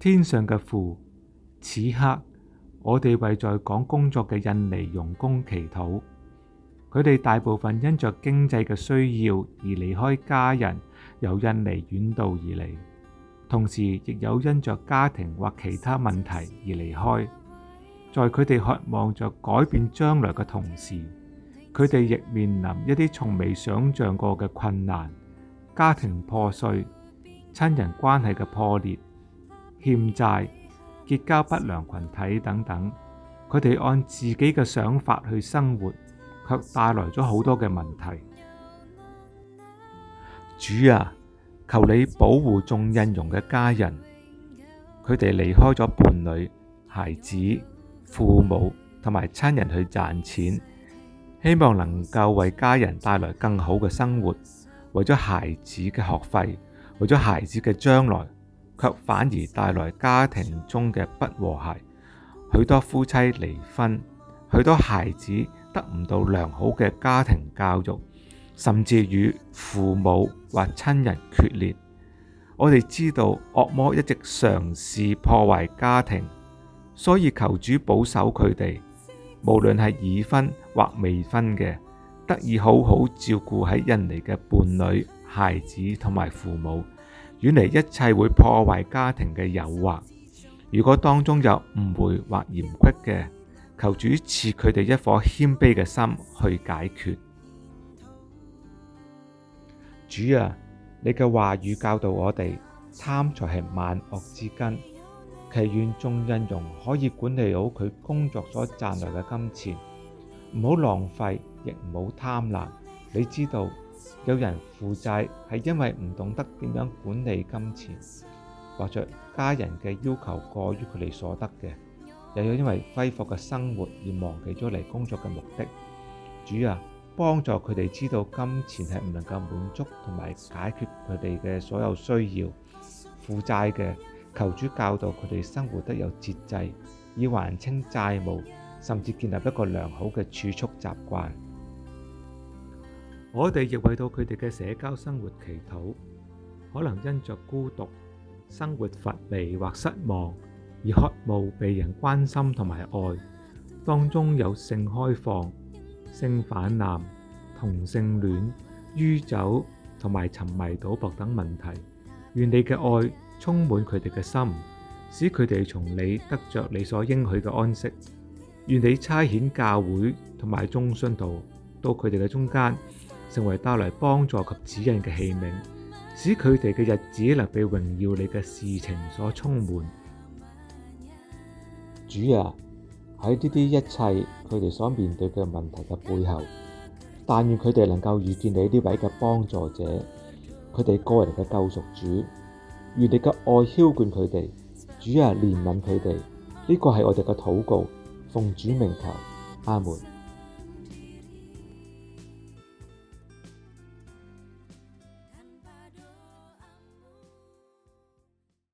天上嘅父，此刻我哋為在港工作嘅印尼傭工祈禱。佢哋大部分因着經濟嘅需要而離開家人，由印尼遠道而嚟，同時亦有因着家庭或其他問題而離開。在佢哋渴望着改變將來嘅同時，佢哋亦面臨一啲從未想象過嘅困難，家庭破碎、親人關係嘅破裂。欠債、結交不良群體等等，佢哋按自己嘅想法去生活，卻帶來咗好多嘅問題。主啊，求你保護眾印傭嘅家人，佢哋離開咗伴侶、孩子、父母同埋親人去賺錢，希望能夠為家人帶來更好嘅生活，為咗孩子嘅學費，為咗孩子嘅將來。卻反而帶來家庭中嘅不和諧，許多夫妻離婚，許多孩子得唔到良好嘅家庭教育，甚至與父母或親人決裂。我哋知道惡魔一直嘗試破壞家庭，所以求主保守佢哋，無論係已婚或未婚嘅，得以好好照顧喺印尼嘅伴侶、孩子同埋父母。遠離一切會破壞家庭嘅誘惑，如果當中有誤會、或嫌隙嘅，求主賜佢哋一顆謙卑嘅心去解決。主啊，你嘅話語教導我哋，貪財，係萬惡之根，祈願眾恩人可以管理好佢工作所賺來嘅金錢，唔好浪費，亦唔好貪婪，你知道，有人負債，係因為唔懂得點樣管理金錢，或者家人嘅要求過於佢哋所得嘅。我哋亦為到佢哋嘅社交生活祈禱，可能因著孤獨生活乏味或失望而渴慕被人關心同埋愛。當中有性開放、性泛濫、同性戀、酗酒同埋沉迷賭博等問題。願你嘅愛充滿佢哋嘅心，使佢哋從你得著你所應許嘅安息。願你差遣教會同埋忠信道到佢哋嘅中間。成為帶來幫助及指引嘅器皿，使佢哋嘅日子能被榮耀你嘅事情所充滿。主啊，喺呢啲一切佢哋所面對嘅問題嘅背後，但願佢哋能夠遇見你呢位嘅幫助者，佢哋個人嘅救贖主，願你嘅愛澆灌佢哋，主啊，憐憫佢哋。呢、這個係我哋嘅禱告，奉主名求，阿門。